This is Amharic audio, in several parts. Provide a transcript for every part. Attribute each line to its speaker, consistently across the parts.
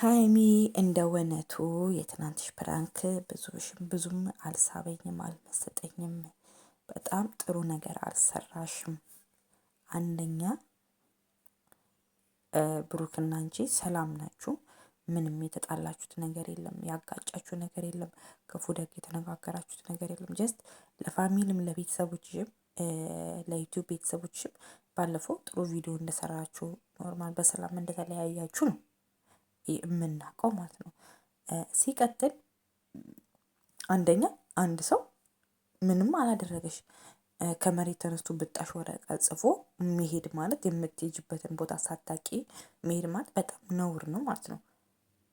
Speaker 1: ሀይሚ እንደ ወነቱ የትናንትሽ ፕራንክ ብዙም አልሳበኝም፣ አልመሰጠኝም። በጣም ጥሩ ነገር አልሰራሽም። አንደኛ ብሩክና እንጂ ሰላም ናችሁ። ምንም የተጣላችሁት ነገር የለም፣ ያጋጫችሁ ነገር የለም፣ ክፉ ደግ የተነጋገራችሁት ነገር የለም። ጀስት ለፋሚልም ለቤተሰቦችሽም ለዩቲዩብ ቤተሰቦችሽም ባለፈው ጥሩ ቪዲዮ እንደሰራችሁ ኖርማል በሰላም እንደተለያያችሁ ነው የምናውቀው ማለት ነው። ሲቀጥል አንደኛ አንድ ሰው ምንም አላደረገሽ ከመሬት ተነስቶ ብጣሽ ወረቀት ጽፎ መሄድ ማለት የምትጅበትን ቦታ ሳታቂ መሄድ ማለት በጣም ነውር ነው ማለት ነው።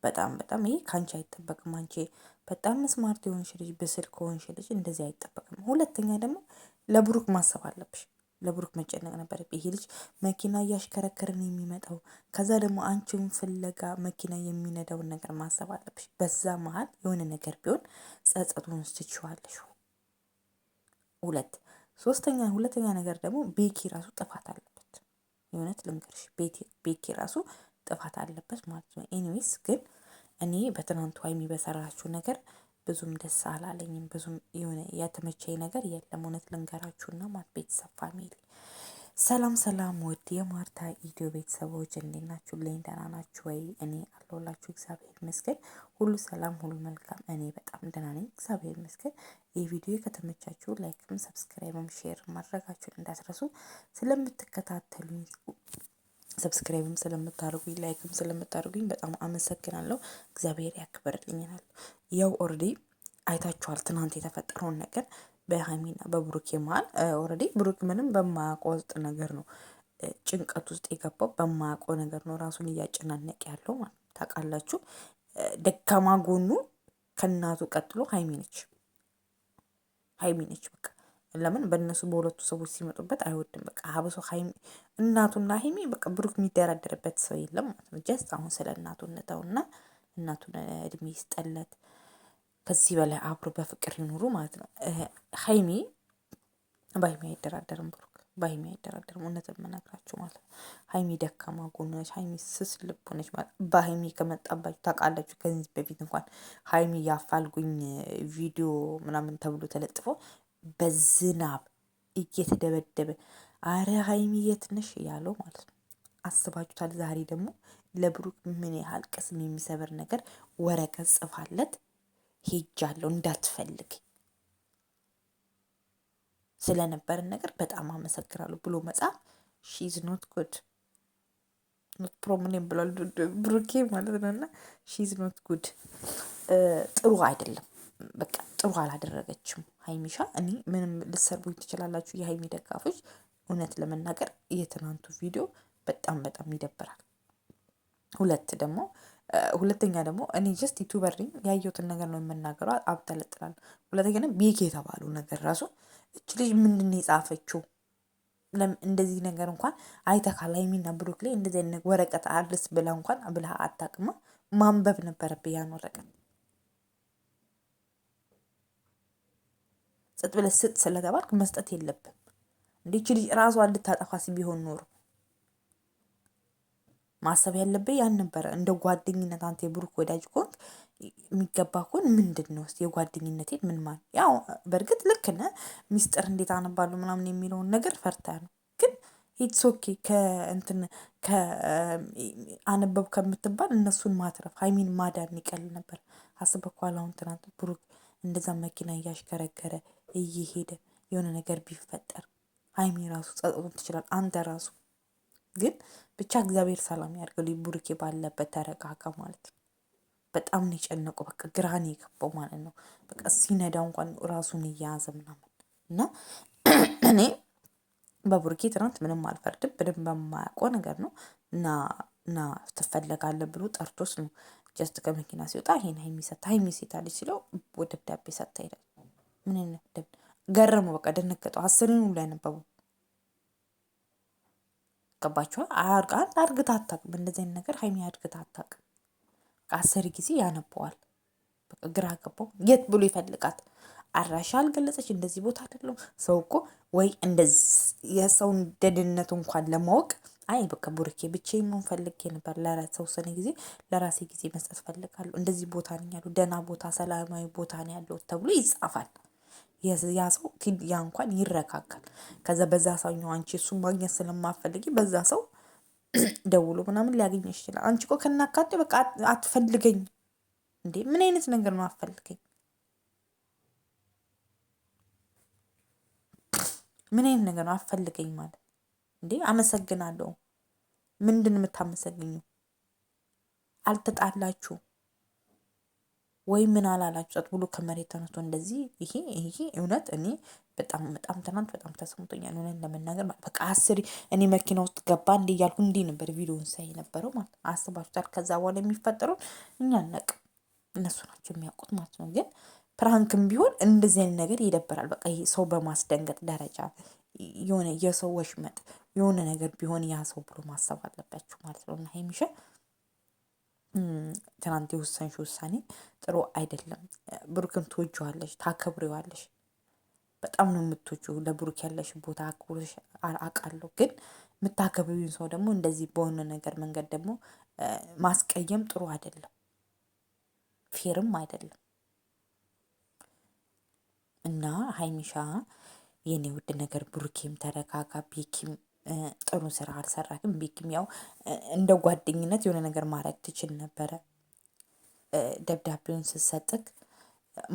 Speaker 1: በጣም በጣም ይሄ ከአንቺ አይጠበቅም። አንቺ በጣም ስማርት የሆንሽ ልጅ ብስል ከሆንሽ ልጅ እንደዚህ አይጠበቅም። ሁለተኛ ደግሞ ለብሩክ ማሰብ አለብሽ ለብሩክ መጨነቅ ነበር። ይሄ ልጅ መኪና እያሽከረከርን የሚመጣው ከዛ ደግሞ አንቺውን ፍለጋ መኪና የሚነዳውን ነገር ማሰብ አለብሽ። በዛ መሀል የሆነ ነገር ቢሆን ጸጸቱን ስትችዋለሽ። ሁለት ሶስተኛ ሁለተኛ ነገር ደግሞ ቤኪ ራሱ ጥፋት አለበት። የእውነት ልንገርሽ ቤኪ ራሱ ጥፋት አለበት ማለት ነው። ኤኒዌይስ ግን እኔ በትናንቱ ሀይሚ በሰራችው ነገር ብዙም ደስ አላለኝም። ብዙም የሆነ የተመቸኝ ነገር የለም እውነት ልንገራችሁና ማለት ቤተሰብ ፋሚሊ። ሰላም ሰላም፣ ውድ የማርታ ኢትዮ ቤተሰቦች እንዴት ናችሁ? ልኝ ደህና ናችሁ ወይ? እኔ አለሁላችሁ እግዚአብሔር ይመስገን። ሁሉ ሰላም፣ ሁሉ መልካም። እኔ በጣም ደህና ነኝ እግዚአብሔር ይመስገን። ይህ ቪዲዮ ከተመቻችሁ ላይክም፣ ሰብስክራይብም፣ ሼር ማድረጋችሁን እንዳትረሱ። ስለምትከታተሉኝ ሰብስክራይብም ስለምታደርጉኝ ላይክም ስለምታደርጉኝ በጣም አመሰግናለሁ። እግዚአብሔር ያክብርልኝናል። ያው ኦልሬዲ አይታችኋል ትናንት የተፈጠረውን ነገር በሀይሚና በብሩኬ መሀል። ኦልሬዲ ብሩክ ምንም በማያውቀው ውስጥ ነገር ነው ጭንቀት ውስጥ የገባው በማያውቀው ነገር ነው ራሱን እያጨናነቅ ያለው ማለት ታውቃላችሁ። ደካማ ጎኑ ከእናቱ ቀጥሎ ሀይሚ ነች ሀይሚ ነች በቃ ለምን በእነሱ በሁለቱ ሰዎች ሲመጡበት አይወድም። በቃ ሀብሶ ሀይሚ እናቱና ሀይሚ በቃ ብሩክ የሚደራደርበት ሰው የለም ማለት ነው። ጀስት አሁን ስለ እናቱ እንተውና እናቱን እድሜ ይስጠለት፣ ከዚህ በላይ አብሮ በፍቅር ይኑሩ ማለት ነው። ሀይሚ በሀይሚ አይደራደርም፣ ብሩክ በሀይሚ አይደራደርም። እውነት የምነግራችሁ ማለት ነው። ሀይሚ ደካማ ጎነች፣ ሀይሚ ስስ ልቦነች ማለት በሀይሚ ከመጣባችሁ ታውቃላችሁ። ከዚህ በፊት እንኳን ሀይሚ ያፋልጉኝ ቪዲዮ ምናምን ተብሎ ተለጥፎ በዝናብ እየተደበደበ አረ ሀይሚ የት ነሽ ማለት ነው። አስባችሁታል? ዛሬ ደግሞ ለብሩክ ምን ያህል ቅስም የሚሰብር ነገር ወረቀት ጽፋለት ሄጃለሁ እንዳትፈልግ ስለነበረን ነገር በጣም አመሰግናለሁ ብሎ መጽሐፍ ሺዝ ኖት ጉድ ኖት ፕሮምኔም ብሏል ብሩኬ ማለት ነው። እና ሺዝ ኖት ጉድ ጥሩ አይደለም። በቃ ጥሩ አላደረገችም ሀይሚሻ። እኔ ምንም ልትሰርቡኝ ትችላላችሁ የሀይሚ ደጋፎች፣ እውነት ለመናገር የትናንቱ ቪዲዮ በጣም በጣም ይደብራል። ሁለት ደግሞ ሁለተኛ ደግሞ እኔ ጀስት ዩቱበር ያየሁትን ነገር ነው የምናገረው፣ አብተለጥላል። ሁለተኛ ደግሞ ቤክ የተባሉ ነገር ራሱ እች ልጅ ምንድን የጻፈችው እንደዚህ ነገር እንኳን አይተካል። ሀይሚና ብሩክ ላይ እንደዚህ ወረቀት አድርስ ብላ እንኳን ብላ አታቅማ። ማንበብ ነበረብ ያን ወረቀት ጸጥ ብለህ ስጥ ስለተባልክ መስጠት የለብም። እንዲች ልጅ ራሷ ልታጠፋ ቢሆን ኖሮ ማሰብ ያለብህ ያን ነበረ። እንደ ጓደኝነት አንተ የብሩክ ወዳጅ ኮንክ የሚገባ ከሆን ምንድን ነው የጓደኝነቴን ምን ማን ያው በእርግጥ ልክ ነህ። ሚስጥር እንዴት አነባሉ ምናምን የሚለውን ነገር ፈርታ ነው ግን ኢትስ ኦኬ ከእንትን አነበብ ከምትባል እነሱን ማትረፍ ሀይሚን ማዳን ይቀል ነበር። አስበኳል። አሁን ትናንት ብሩክ እንደዛ መኪና እያሽከረከረ እየሄደ የሆነ ነገር ቢፈጠር ሀይሚ ራሱ ጸጥቶም ትችላል። አንተ ራሱ ግን ብቻ እግዚአብሔር ሰላም ያድርገው። ቡርኬ ባለበት ተረጋጋ ማለት ነው። በጣም ነው የጨነቁ። በቃ ግራን የገባው ማለት ነው። በቃ ሲነዳ እንኳን ራሱን እያያዘ ምናምን እና እኔ በቡርኬ ትናንት ምንም አልፈርድም። በደንብ በማያውቀው ነገር ነው እና እና ትፈለጋለ ብሎ ጠርቶስ ነው ጀስት ከመኪና ሲወጣ ይሄን ሀይሚ ሰታ ሀይሚ ሴታ ልጅ ሲለው ደብዳቤ ሰታ ሄዳል። ምን አይነት እንደም ገረሙ። በቃ ደነገጠው። አስርን ሁሉ ያነበቡ ገባችኋል። አድግታ አታውቅም። እንደዚህ አይነት ነገር ሀይሚ አድግታ አታውቅም። አስር ጊዜ ያነበዋል። በቃ ግራ ገባው። የት ብሎ ይፈልጋት? አድራሻ አልገለጸች። እንደዚህ ቦታ አይደለም። ሰው እኮ ወይ እንደዚህ የሰውን ደድነቱ እንኳን ለማወቅ አይ በቃ ቡርኬ ብቻዬን መሆን ፈልጌ ነበር። ለተወሰነ ጊዜ ለራሴ ጊዜ መስጠት ፈልጋለሁ። እንደዚህ ቦታ ነኝ ያለው ደህና ቦታ፣ ሰላማዊ ቦታ ነው ያለው ተብሎ ይጻፋል። ያ ሰው ያ እንኳን ይረካካል። ከዛ በዛ ሰው አንቺ እሱን ማግኘት ስለማፈልጊ በዛ ሰው ደውሎ ምናምን ሊያገኝ ይችላል። አንቺ እኮ ከናካቴ በቃ አትፈልገኝ እንዴ! ምን አይነት ነገር ነው አትፈልገኝ? ምን አይነት ነገር ነው አትፈልገኝ ማለት እንዴ? አመሰግናለሁ። ምንድን የምታመሰግኘው? አልተጣላችሁ ወይ ምን አላላችኋት ብሎ ከመሬት ተነስቶ እንደዚህ ይሄ ይሄ እውነት እኔ በጣም በጣም ትናንት በጣም ተሰምቶኛል። እውነት ለመናገር ማለት በቃ አስር እኔ መኪና ውስጥ ገባ እንዲ እያልኩ እንዲ ነበር ቪዲዮን ሳይ ነበረው ማለት አስባችኋል። ከዛ በኋላ የሚፈጠሩን እኛ ነቅ እነሱ ናቸው የሚያውቁት ማለት ነው። ግን ፕራንክም ቢሆን እንደዚህ አይነት ነገር ይደብራል። በቃ ይሄ ሰው በማስደንገጥ ደረጃ የሆነ የሰው ወሽመጥ የሆነ ነገር ቢሆን ያ ሰው ብሎ ማሰብ አለባችሁ ማለት ነው እና ሀይሚሻ ትናንት የወሰንሽ ውሳኔ ጥሩ አይደለም። ብሩክን ትወጂዋለሽ፣ ታከብሪዋለሽ፣ በጣም ነው የምትወጂው። ለብሩክ ያለሽ ቦታ አክብሮሽ አውቃለሁ። ግን የምታከብሪውን ሰው ደግሞ እንደዚህ በሆነ ነገር መንገድ ደግሞ ማስቀየም ጥሩ አይደለም፣ ፌርም አይደለም እና ሀይሚሻ የኔ ውድ ነገር ብሩኬም ተረጋጋ ቤኪም ጥሩ ስራ አልሰራክም። ቤኪም ያው እንደ ጓደኝነት የሆነ ነገር ማድረግ ትችል ነበረ። ደብዳቤውን ስትሰጥክ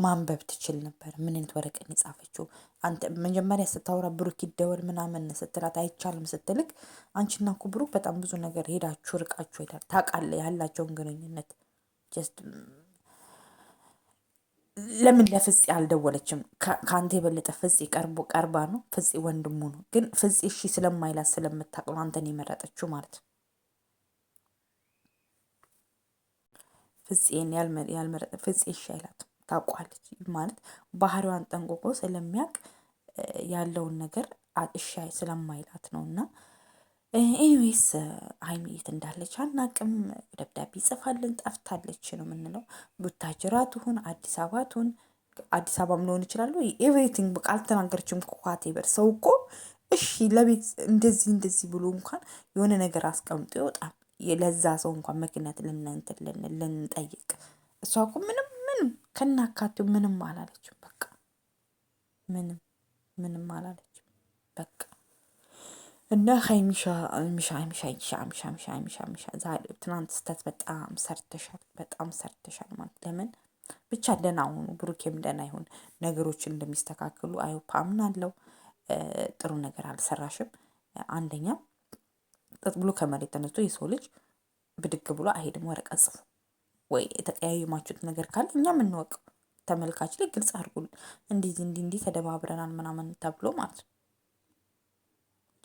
Speaker 1: ማንበብ ትችል ነበር። ምን አይነት ወረቀን የጻፈችው አንተ መጀመሪያ ስታወራ ብሩክ ይደወል ምናምን ስትላት አይቻልም ስትልክ አንቺና እኮ ብሩክ በጣም ብዙ ነገር ሄዳችሁ ርቃችሁ ሄዳል ታውቃለህ ያላቸውን ግንኙነት ለምን ለፍፄ አልደወለችም? ከአንተ የበለጠ ፍፄ ቀርቦ ቀርባ ነው። ፍፄ ወንድሙ ነው። ግን ፍፄ እሺ ስለማይላት ስለምታቅም አንተን የመረጠችው ማለት ነው። ፍፄን ያልመረጠ ፍፄ እሺ አይላት ታውቋለች ማለት ባህሪዋን ጠንቆቆ ስለሚያውቅ ያለውን ነገር እሺ ስለማይላት ነው እና ኤኒዌይስ ሀይሚ የት እንዳለች አናቅም። ደብዳቤ ይጽፋልን ጠፍታለች ነው የምንለው። ቡታጅራ ትሁን አዲስ አበባ ትሁን አዲስ አበባም ሊሆን ይችላሉ። ኤቭሪቲንግ በቃ አልተናገረችም። ኳት ይበር ሰው እኮ እሺ ለቤት እንደዚህ እንደዚህ ብሎ እንኳን የሆነ ነገር አስቀምጦ ይወጣል። ለዛ ሰው እንኳን ምክንያት ልናንትልን ልንጠይቅ እሷ እኮ ምንም ምንም ከናካቴው ምንም አላለችም። በቃ ምንም ምንም አላለችም። በቃ እና ሀይሚሻ ሚሻ ሚሻ ሚሻ ሚሻ ሚሻ ሚሻ ሚሻ ዛሬ ትናንት ስተት በጣም ሰርተሻል፣ በጣም ሰርተሻል ማለት ለምን ብቻ ደህና ሁኑ። ብሩኬም ደህና ይሁን፣ ነገሮችን እንደሚስተካከሉ አይሆፕ አምናለሁ። ጥሩ ነገር አልሰራሽም። አንደኛ ጠጥ ብሎ ከመሬት ተነስቶ የሰው ልጅ ብድግ ብሎ አይሄድም። ወረቀት ጽፉ ወይ የተቀያየማችሁት ነገር ካለ እኛ ምንወቅ ተመልካች ላይ ግልጽ አድርጉልን። እንዲህ እንዲህ እንዲህ ተደባብረናል ምናምን ተብሎ ማለት ነው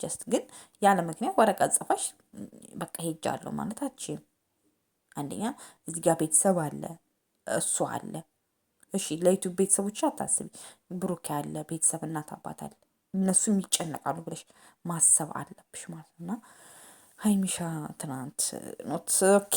Speaker 1: ጀስት ግን ያለ ምክንያት ወረቀት ጽፈሽ በቃ ሄጃለሁ ማለት አችም። አንደኛ እዚህ ጋር ቤተሰብ አለ፣ እሱ አለ። እሺ ለዩቱ ቤተሰቦች አታስቢ። ብሩክ ያለ ቤተሰብ እናት አባት አለ፣ እነሱም ይጨነቃሉ ብለሽ ማሰብ አለብሽ ማለት ነውና ሀይሚሻ ትናንት ኖት ኦኬ